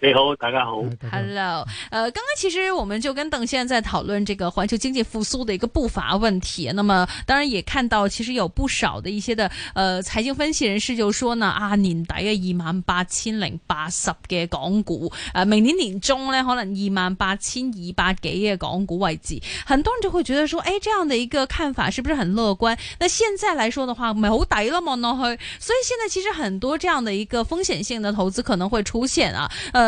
你好，大家好。Hello，呃，剛剛其實我們就跟鄧先生在討論這個環球經濟復蘇的一個步伐問題。那麼當然也看到，其實有不少的一些的呃財經分析人士就說呢，啊年底嘅二萬八千零八十嘅港股，誒、啊、明年年終呢，可能二萬八千二百幾嘅港股位置，很多人就會覺得說，誒，這樣的一個看法是不是很樂觀？那現在來說的話冇大了嘛，所以現在其實很多這樣的一個風險性的投資可能會出現啊，呃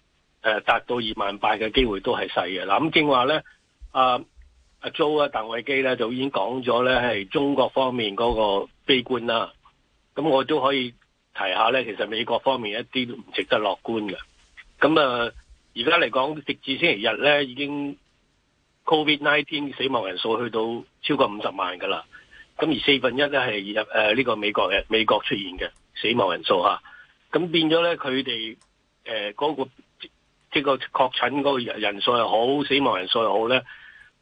誒，達到二萬八嘅機會都係細嘅啦。咁正話咧，阿阿 Jo 啊、鄧、啊、偉、啊、基咧就已經講咗咧，係中國方面嗰個悲觀啦。咁我都可以提下咧，其實美國方面一啲都唔值得樂觀嘅。咁啊，而家嚟講直至星期日咧，已經 Covid nineteen 死亡人數去到超過五十萬噶啦。咁而四分一咧係入誒呢、呃這個美國嘅美國出現嘅死亡人數吓。咁、啊、變咗咧，佢哋誒嗰個。即、這個確診嗰個人人數又好，死亡人數又好咧，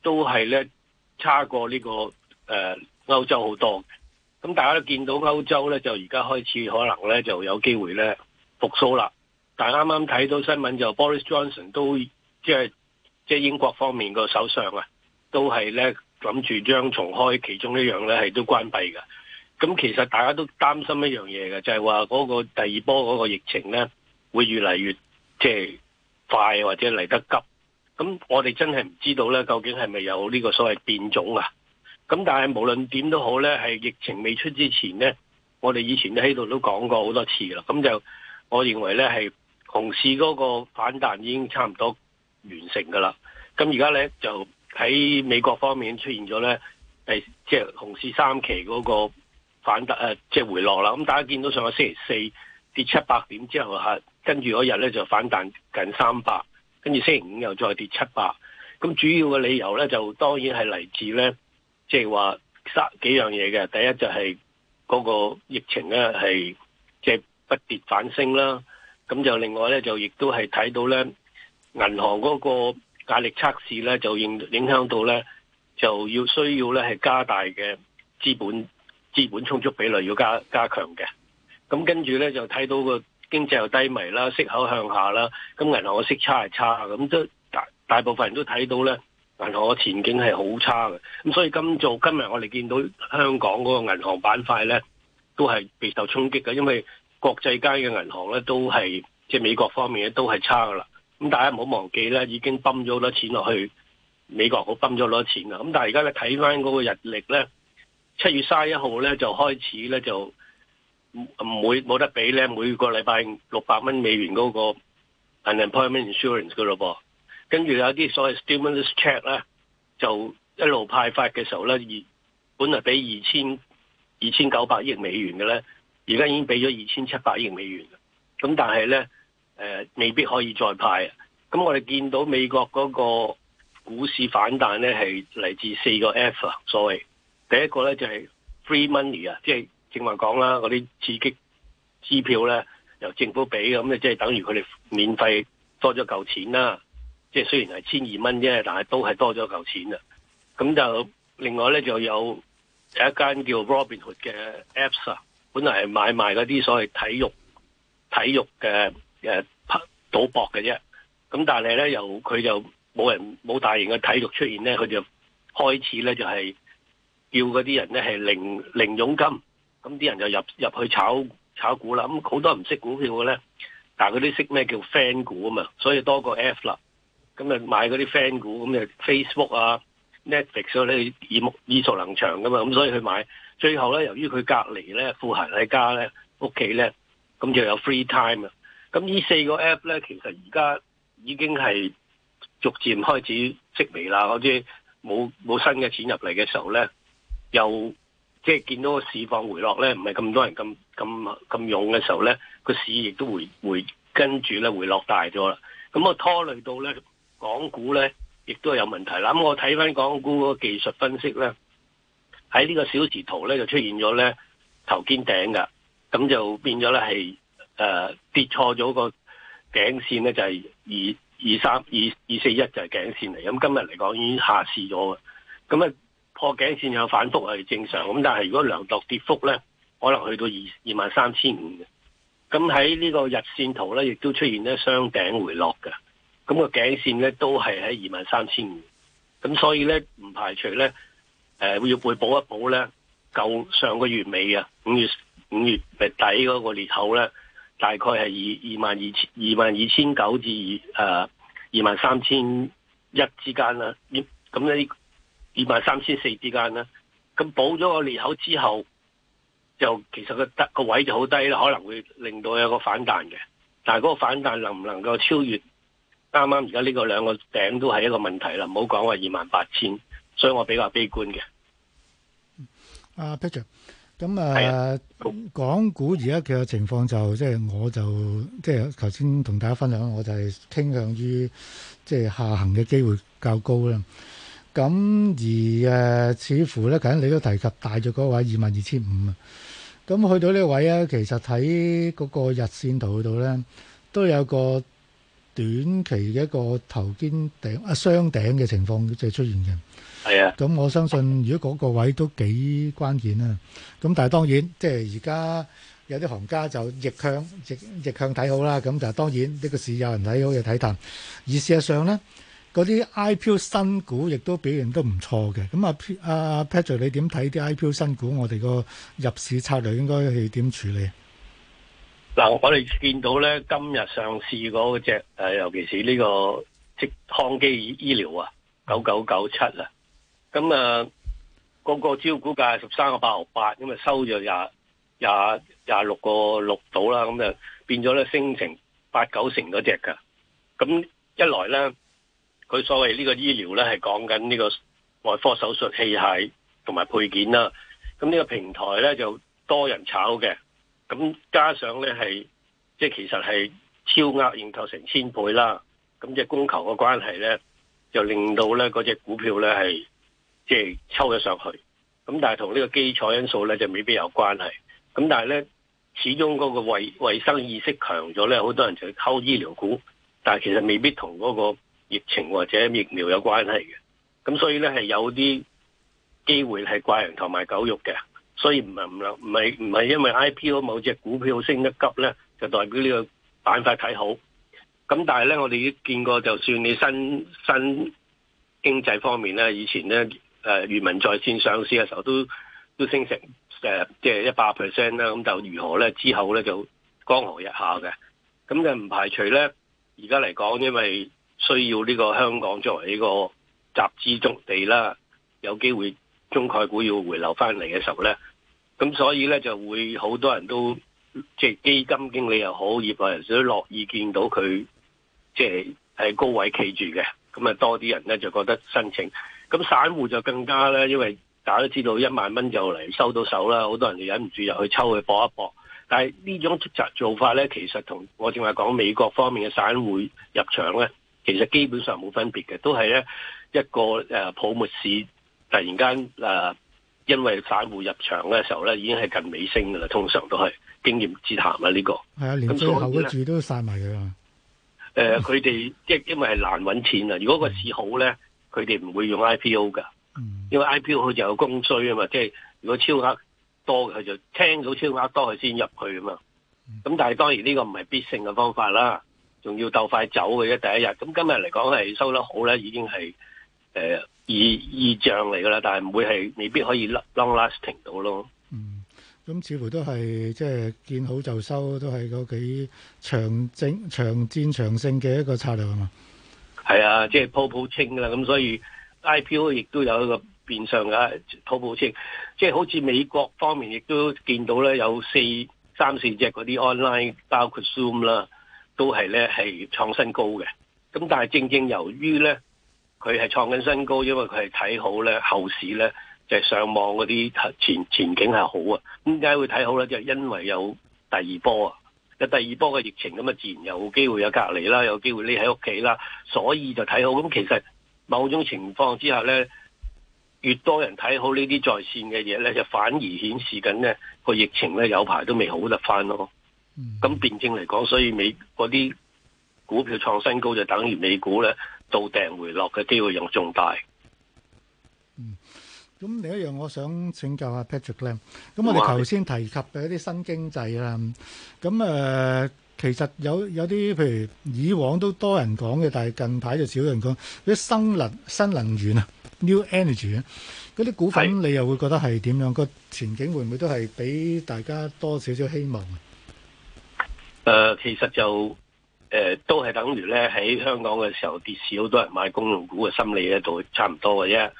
都係咧差過呢、這個誒、呃、歐洲好多。咁、嗯、大家都見到歐洲咧，就而家開始可能咧就有機會咧復甦啦。但啱啱睇到新聞就是，Boris Johnson 都即係即英國方面個首相啊，都係咧諗住將重開其中一樣咧，係都關閉嘅。咁、嗯、其實大家都擔心一樣嘢嘅，就係話嗰個第二波嗰個疫情咧會越嚟越即係。呃快或者嚟得急，咁我哋真係唔知道呢，究竟係咪有呢個所謂變種啊？咁但係無論點都好呢，係疫情未出之前呢，我哋以前喺度都講過好多次啦。咁就我認為呢，係熊市嗰個反彈已經差唔多完成噶啦。咁而家呢，就喺美國方面出現咗呢，係即係熊市三期嗰個反彈，誒，即係回落啦。咁大家見到上個星期四跌七百點之後吓。跟住嗰日咧就反彈近三百，跟住星期五又再跌七百。咁主要嘅理由咧就當然係嚟自咧，即係話三幾樣嘢嘅。第一就係嗰個疫情咧，係即係不跌反升啦。咁就另外咧就亦都係睇到咧，銀行嗰個壓力測試咧就影，影響到咧就要需要咧，係加大嘅資本資本充足比率，要加，加強嘅。咁跟住咧就睇到個。經濟又低迷啦，息口向下啦，咁銀行嘅息差係差，咁都大大部分人都睇到咧，銀行嘅前景係好差嘅。咁所以做今早今日我哋見到香港嗰個銀行板塊咧，都係備受衝擊嘅，因為國際間嘅銀行咧都係即係美國方面都係差㗎啦。咁大家唔好忘記咧，已經泵咗好多錢落去美國，好泵咗好多錢啦。咁但係而家咧睇返嗰個日曆咧，七月三十一號咧就開始咧就。唔會會冇得畀咧，每個禮拜六百蚊美元嗰個 unemployment insurance 噶咯噃，跟住有啲所謂 stimulus check 咧，就一路派發嘅時候咧，本來俾二千二千九百億美元嘅咧，而家已經俾咗二千七百億美元，咁但係咧誒未必可以再派。咁我哋見到美國嗰個股市反彈咧，係嚟自四個 F 啊。所謂第一個咧就係、是、free money 啊，即係。正話講啦，嗰啲刺激支票咧，由政府俾咁，嗯，即係等於佢哋免費多咗嚿錢啦。即係雖然係千二蚊啫，但係都係多咗嚿錢啊。咁就另外咧，就有有一間叫 Robinhood 嘅 apps 啊，本來係買賣嗰啲所謂體育體育嘅誒賭博嘅啫。咁但係咧，由佢就冇人冇大型嘅體育出現咧，佢就開始咧就係、是、叫嗰啲人咧係零零佣金。咁啲人就入入去炒炒股啦，咁、嗯、好多人唔識股票嘅咧，但係佢啲識咩叫 fan 股啊嘛，所以多過 app 啦，咁啊買嗰啲 fan 股，咁就 Facebook 啊 Netflix，啊以以以以以、嗯、所以咧耳目耳熟能詳噶嘛，咁所以去買，最後咧由於佢隔籬咧賦閒喺家咧屋企咧，咁就有 free time 啊，咁呢四個 app 咧其實而家已經係逐漸開始息微啦，嗰啲冇冇新嘅錢入嚟嘅時候咧又。即係見到個市況回落咧，唔係咁多人咁咁咁勇嘅時候咧，個市亦都回回跟住咧回落大咗啦。咁啊拖累到咧港股咧，亦都有問題啦。咁我睇翻港股個技術分析咧，喺呢個小時圖咧就出現咗咧頭肩頂噶，咁就變咗咧係誒跌錯咗個頸線咧，就係二二三二二四一就係頸線嚟。咁今日嚟講已經下市咗嘅，咁啊。破頸線有反覆係正常，咁但係如果量度跌幅咧，可能去到二二萬三千五嘅。咁喺呢個日線圖咧，亦都出現咧雙頂回落嘅。咁個頸線咧都係喺二萬三千五。咁所以咧唔排除咧，誒會要背補一補咧，舊上個月尾呀五月五月底嗰個裂口咧，大概係二二萬二千二萬二千九至二誒二萬三千一之間啦。咁咧。二萬三千四之間啦，咁補咗個裂口之後，就其實個得位置就好低啦，可能會令到有個反彈嘅。但係嗰個反彈能唔能夠超越，啱啱而家呢個兩個頂都係一個問題啦。唔好講話二萬八千，所以我比較悲觀嘅。阿、uh, Peter，咁啊，uh, yeah. 港股而家嘅情況就即係、就是、我就即係頭先同大家分享，我就係傾向於即係、就是、下行嘅機會較高啦。咁而、呃、似乎咧，近你都提及大咗嗰位二萬二千五啊。咁去到呢個位咧、啊，其實睇嗰個日線圖度咧，都有個短期嘅一個頭肩頂啊雙頂嘅情況就出現嘅。係啊。咁我相信，如果嗰個位都幾關鍵啦。咁但係當然，即係而家有啲行家就逆向逆逆向睇好啦。咁但係當然呢個市有人睇好又睇淡，而事實上咧。嗰啲 IPO 新股亦都表現都唔錯嘅，咁啊 Patrick，你點睇啲 IPO 新股？我哋個入市策略應該係點處理？嗱，我哋見到咧今日上市嗰隻誒、啊，尤其是呢、呢個即康基醫療啊，九九九七啊，咁啊個個招股價十三個八毫八，咁啊收咗廿廿廿六個六到啦，咁就變咗咧升成八九成嗰隻噶，咁一來咧。佢所謂呢個醫療呢，係講緊呢個外科手術器械同埋配件啦。咁呢個平台呢，就多人炒嘅，咁加上呢，係即其實係超額認購成千倍啦。咁即係供求嘅關係呢，就令到呢嗰隻股票呢，係即係抽咗上去。咁但係同呢個基礎因素呢，就未必有關係。咁但係呢，始終嗰個衞衞生意識強咗呢，好多人就去溝醫療股，但係其實未必同嗰、嗰個。疫情或者疫苗有關係嘅，咁所以咧係有啲機會係掛人頭賣狗肉嘅，所以唔係唔係唔係，因為 IPO 某隻股票升得急咧，就代表呢個板塊睇好。咁但係咧，我哋見過就算你新新經濟方面咧，以前咧誒漁民在線上市嘅時候都都升成誒即係一百 percent 啦，咁、呃就是、就如何咧之後咧就江河日下嘅。咁就唔排除咧，而家嚟講因為。需要呢個香港作為呢個集資重地啦，有機會中概股要回流翻嚟嘅時候咧，咁所以咧就會好多人都即係基金經理又好，業內人士都樂意見到佢即係喺高位企住嘅，咁啊多啲人咧就覺得申請，咁散戶就更加咧，因為大家都知道一萬蚊就嚟收到手啦，好多人就忍唔住又去抽去搏一搏，但係呢種出集做法咧，其實同我正話講美國方面嘅散戶入場咧。其實基本上冇分別嘅，都係咧一個誒、啊、泡沫市突然間誒、啊，因為散戶入場嘅時候咧，已經係近尾聲噶啦。通常都係經驗之談啊，呢、這個係啊，連最後嘅注都晒埋佢啊。誒，佢哋即係因為係難揾錢啊。如果個市好咧，佢哋唔會用 IPO 㗎、嗯。因為 IPO 佢就有供需啊嘛，即係如果超額多佢就聽到超額多佢先入去啊嘛。咁、嗯、但係當然呢個唔係必勝嘅方法啦。要仲鬥快走嘅啫，第一日咁今日嚟講係收得好咧，已經係誒、呃、意意象嚟㗎啦，但係唔會係未必可以 long lasting 到咯。嗯，咁似乎都係即係見好就收，都係嗰幾長征長戰長勝嘅一個策略啊嘛。係啊，即係鋪鋪清㗎啦，咁所以 IPO 亦都有一個變相嘅鋪鋪清，即係好似美國方面亦都見到咧，有四三四隻嗰啲 online 包括 Zoom 啦。都係咧，係創新高嘅。咁但係正正由於咧，佢係創緊新高，因為佢係睇好咧後市咧，就係上網嗰啲前前景係好啊。點解會睇好咧？就係因為有第二波啊，有第二波嘅疫情咁啊，自然有機會有隔離啦，有機會匿喺屋企啦，所以就睇好。咁其實某種情況之下咧，越多人睇好呢啲在線嘅嘢咧，就反而顯示緊咧個疫情咧有排都未好得返咯。咁辯證嚟講，所以美國啲股票創新高，就等於美股咧到頂回落嘅機會又重大。嗯，咁另一樣，我想請教下 Patrick 咧。咁我哋頭先提及嘅一啲新經濟啦，咁誒，其實有有啲譬如以往都多人講嘅，但係近排就少人講嗰啲新能新能源啊，New Energy 啊，嗰啲股份，你又會覺得係點樣？個前景會唔會都係俾大家多少少希望？誒、呃，其實就誒、呃，都係等於咧喺香港嘅時候跌市，好多人買公用股嘅心理喺度，差唔多嘅啫。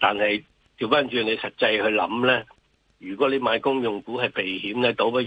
但係調翻轉，你實際去諗咧，如果你買公用股係避險咧，倒不如。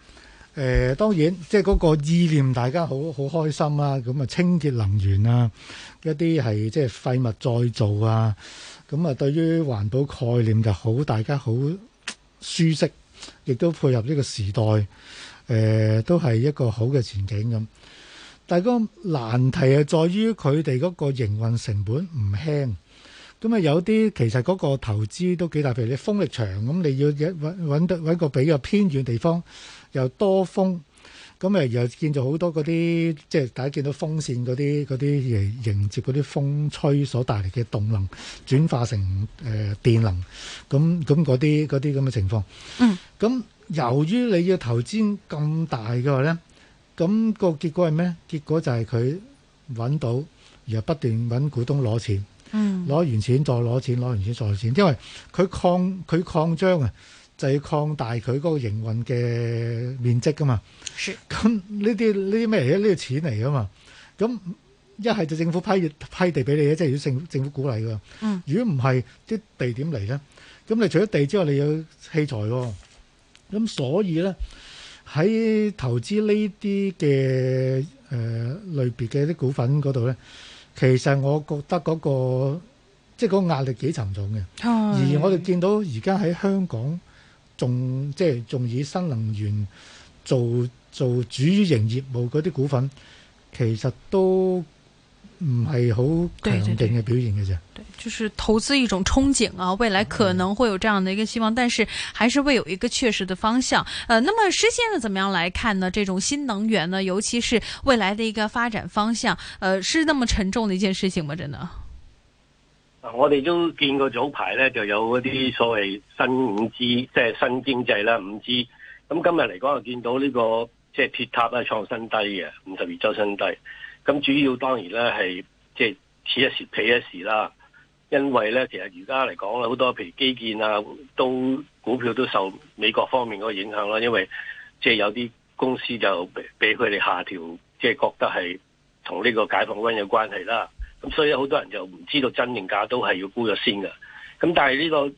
誒、呃、當然，即係嗰個意念，大家好好開心啦。咁啊，清潔能源啊，一啲係即係廢物再造啊。咁啊，對於環保概念就好，大家好舒適，亦都配合呢個時代，誒、呃、都係一個好嘅前景咁。但係個難題係在於佢哋嗰個營運成本唔輕。咁啊，有啲其實嗰個投資都幾大，譬如你風力場咁，你要揾揾得揾個比較偏遠地方，又多風，咁又見到好多嗰啲，即係大家見到風扇嗰啲嗰啲迎迎接嗰啲風吹所帶嚟嘅動能，轉化成誒電能，咁咁嗰啲嗰啲咁嘅情況。嗯，咁由於你要投資咁大嘅話咧，咁個結果係咩？結果就係佢揾到，然後不斷揾股東攞錢，攞完錢再攞錢，攞完錢再攞錢，攞完錢，再攞錢，因為佢擴佢擴張啊。就要擴大佢嗰個營運嘅面積噶嘛，咁呢啲呢啲咩嚟嘅？呢啲錢嚟噶嘛？咁一係就政府批批地俾你嘅，即係如政府政府鼓勵㗎。嗯，如果唔係啲地點嚟咧，咁你除咗地之外，你有器材喎、哦。咁所以咧，喺投資呢啲嘅誒類別嘅啲股份嗰度咧，其實我覺得嗰個即係嗰個壓力幾沉重嘅。而我哋見到而家喺香港。仲即係仲以新能源做做主營業務嗰啲股份，其實都唔係好強勁嘅表現嘅啫。對，就是投資一種憧憬啊，未來可能會有這樣的一個希望，嗯、但是還是會有一個確實的方向。呃，那麼施先生怎麼樣來看呢？這種新能源呢，尤其是未來的一個發展方向，呃，是那麼沉重的一件事情嗎？真的？我哋都見過早排咧，就有嗰啲所謂新五 G，即係新經濟啦，五 G。咁今日嚟講，就見到呢、這個即係、就是、鐵塔啦，創新低嘅五十二周新低。咁主要當然咧，係即係此一時彼一時啦。因為咧，其實而家嚟講啦，好多譬如基建啊，都股票都受美國方面嗰個影響啦。因為即係、就是、有啲公司就俾佢哋下調，即、就、係、是、覺得係同呢個解放軍有關係啦。咁所以好多人就唔知道真定假都係要沽咗先㗎。咁但係呢個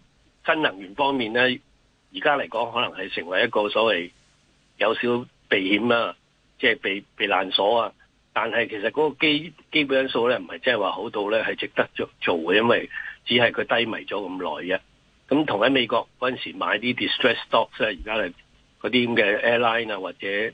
新能源方面咧，而家嚟講可能係成為一個所謂有少少避險啊，即係避避難所啊。但係其實嗰個基基本因素咧，唔係即係話好到咧，係值得做做嘅，因為只係佢低迷咗咁耐嘅。咁同喺美國嗰陣時買啲 distress stocks 即係而家嚟嗰啲咁嘅 airline 啊，或者誒。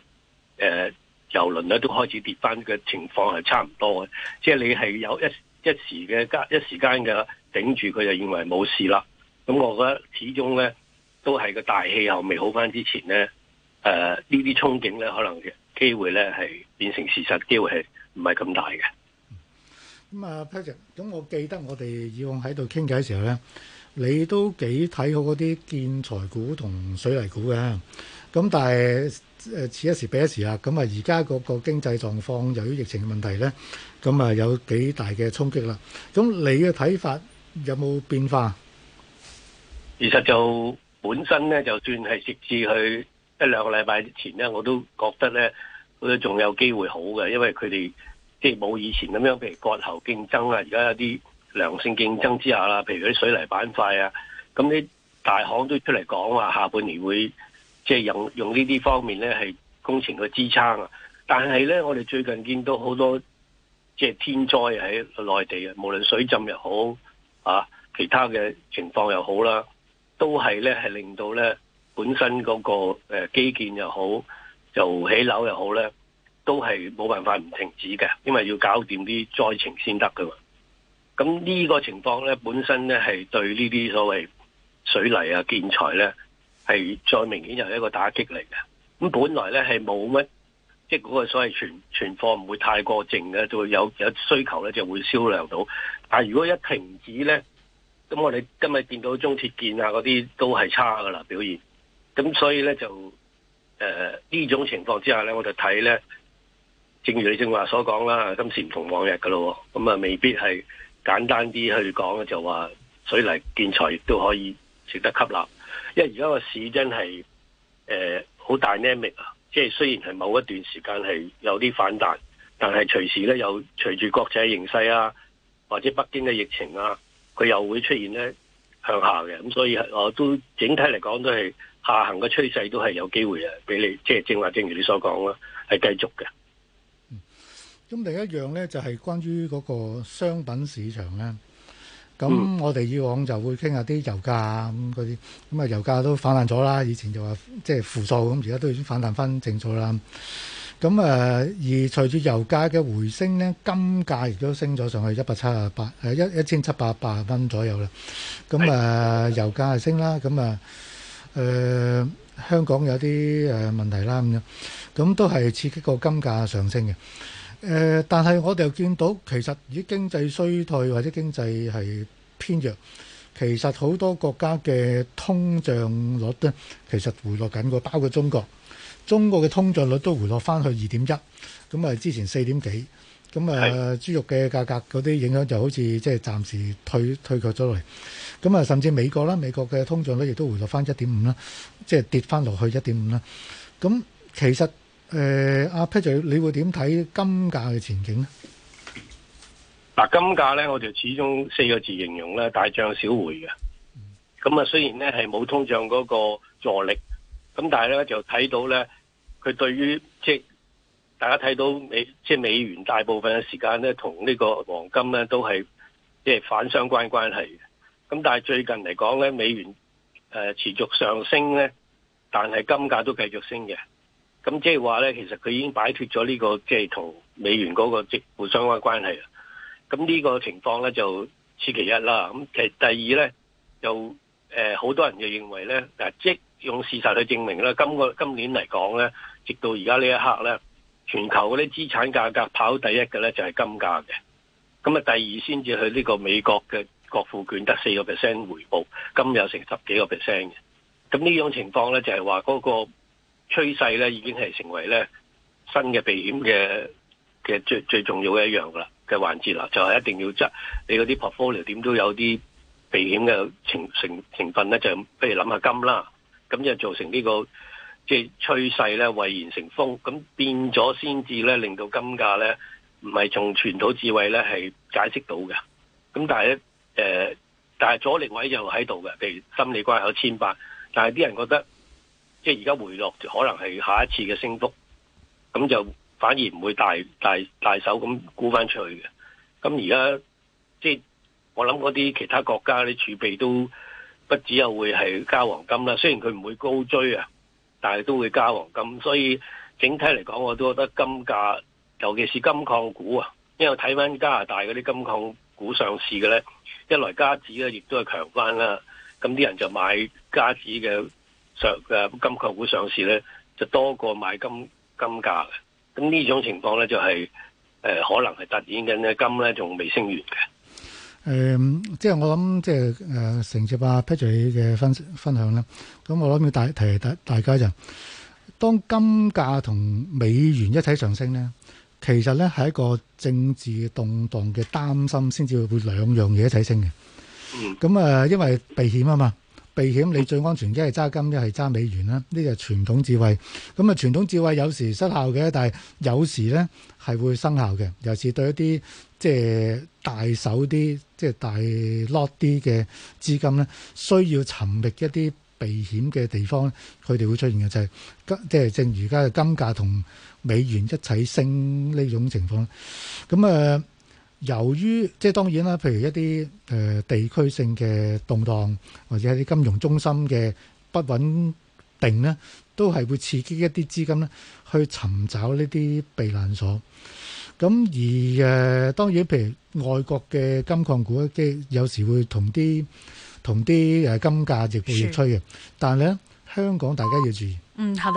呃郵輪咧都開始跌翻嘅情況係差唔多嘅，即係你係有一一時嘅間一時間嘅頂住佢就認為冇事啦。咁我覺得始終咧都係個大氣候未好翻之前咧，誒呢啲憧憬咧可能機會咧係變成事實機會係唔係咁大嘅。咁、嗯嗯、啊 Patrick 咁我記得我哋以往喺度傾偈時候咧，你都幾睇好嗰啲建材股同水泥股嘅。咁但係。誒此一時彼一時啊！咁啊，而家個經濟狀況由於疫情嘅問題咧，咁啊有幾大嘅衝擊啦。咁你嘅睇法有冇變化？其實就本身咧，就算係直至去一兩個禮拜前咧，我都覺得咧，佢仲有機會好嘅，因為佢哋即係冇以前咁樣，譬如割喉競爭啊，而家有啲良性競爭之下啦，譬如啲水泥板塊啊，咁啲大行都出嚟講話下半年會。即、就、係、是、用用呢啲方面咧，係工程嘅支撐啊！但係咧，我哋最近見到好多即係、就是、天災喺內地啊，無論水浸又好啊，其他嘅情況又好啦，都係咧係令到咧本身嗰個誒基建又好，就起樓又好咧，都係冇辦法唔停止嘅，因為要搞掂啲災情先得噶嘛。咁呢個情況咧，本身咧係對呢啲所謂水泥啊建材、咧係再明顯就係一個打擊嚟嘅。咁本來咧係冇乜，即係嗰個所謂存存貨唔會太過剩嘅，就會有有需求咧就會銷量到。但係如果一停止咧，咁我哋今日見到中鐵建啊嗰啲都係差嘅啦，表現。咁所以咧就誒呢、呃、種情況之下咧，我就睇咧，正如你正話所講啦，今時唔同往日嘅咯，咁啊未必係簡單啲去講咧，就話水泥建材亦都可以值得吸納。因為而家個市真係誒好大 dynamic 啊，呃、dynamic，即係雖然係某一段時間係有啲反彈，但係隨時咧又隨住國際的形勢啊，或者北京嘅疫情啊，佢又會出現咧向下嘅，咁所以我都整體嚟講都係下行嘅趨勢，都係有機會啊，俾你即係正話，正如你所講啦，係繼續嘅。咁、嗯、第一樣咧就係、是、關於嗰個商品市場咧。咁我哋以往就會傾下啲油價啊咁嗰啲，咁啊油價都反彈咗啦。以前就話即係負數，咁而家都已經反彈翻正數啦。咁啊，而隨住油價嘅回升咧，金價亦都升咗上去一百七啊八，誒一一千七百八蚊左右啦。咁啊，油價係升啦，咁啊，誒香港有啲誒問題啦咁樣，咁都係刺激個金價上升嘅。誒、呃，但係我哋又見到，其實以經濟衰退或者經濟係偏弱，其實好多國家嘅通脹率咧，其實回落緊嘅，包括中國。中國嘅通脹率都回落翻去二點一，咁啊，之前四點幾，咁啊，豬、嗯、肉嘅價格嗰啲影響就好似即係暫時退退卻咗落嚟。咁、嗯、啊，甚至美國啦，美國嘅通脹率亦都回落翻一點五啦，即係跌翻落去一點五啦。咁其實～誒、呃，阿、啊、Peter，你會點睇金價嘅前景呢？嗱，金價咧，我哋始終四個字形容咧，大漲小回嘅。咁啊，雖然咧係冇通脹嗰個助力，咁但係咧就睇到咧，佢對於即係大家睇到美即係美元大部分嘅時間咧，同呢個黃金咧都係即係反相關關係嘅。咁但係最近嚟講咧，美元誒、呃、持續上升咧，但係金價都繼續升嘅。咁即係話咧，其實佢已經擺脱咗呢個即係同美元嗰個即互相關關係。咁呢個情況咧就此其一啦。咁其實第二咧，就誒好、呃、多人就認為咧，嗱，即用事實去證明咧，今個今年嚟講咧，直到而家呢一刻咧，全球嗰啲資產價格跑第一嘅咧就係、是、金價嘅。咁啊，第二先至去呢個美國嘅國庫券得四個 percent 回報，金有成十幾個 percent 嘅。咁呢種情況咧就係話嗰個。趨勢咧已經係成為咧新嘅避險嘅嘅最最重要嘅一樣啦嘅環節啦，就係、是、一定要質你嗰啲 portfolio 點都有啲避險嘅成成成分咧，就譬如諗下金啦，咁就造成呢、這個即係、就是、趨勢咧蔚然成風，咁變咗先至咧令到金價咧唔係從傳統智慧咧係解釋到嘅，咁但係咧誒，但係阻力位又喺度嘅，譬如心理關口千八，但係啲人覺得。即係而家回落，可能係下一次嘅升幅，咁就反而唔會大大大手咁沽翻出去嘅。咁而家即係我諗嗰啲其他國家啲儲備都不止又會係加黃金啦。雖然佢唔會高追啊，但係都會加黃金。所以整體嚟講，我都覺得金價，尤其是金礦股啊，因為我睇翻加拿大嗰啲金礦股上市嘅咧，一來加指咧亦都係強翻啦，咁啲人就買加指嘅。上嘅金礦股上市咧，就多過買金金價嘅。咁呢種情況咧，就係誒可能係突然間咧金咧仲未升完嘅。誒，即係我諗，即係誒承接阿 Patrick 嘅分分享咧。咁我諗要大提大大家就，當金價同美元一齊上升咧，其實咧係一個政治動盪嘅擔心先至會兩樣嘢一齊升嘅。嗯。咁啊，因為避險啊嘛。避險，你最安全，一係揸金，一係揸美元啦。呢個傳統智慧，咁啊傳統智慧有時失效嘅，但係有時咧係會生效嘅。尤其是對一啲即係大手啲、即係大 lot 啲嘅資金咧，需要尋覓一啲避險嘅地方，佢哋會出現嘅就係即係正如而家金價同美元一齊升呢種情況。咁、嗯、啊～、呃由於即係當然啦，譬如一啲誒、呃、地區性嘅動盪，或者一啲金融中心嘅不穩定咧，都係會刺激一啲資金咧去尋找呢啲避難所。咁、嗯、而誒、呃、當然，譬如外國嘅金礦股即有時會同啲同啲誒金價亦步亦趨嘅。但係咧，香港大家要注意。嗯，係。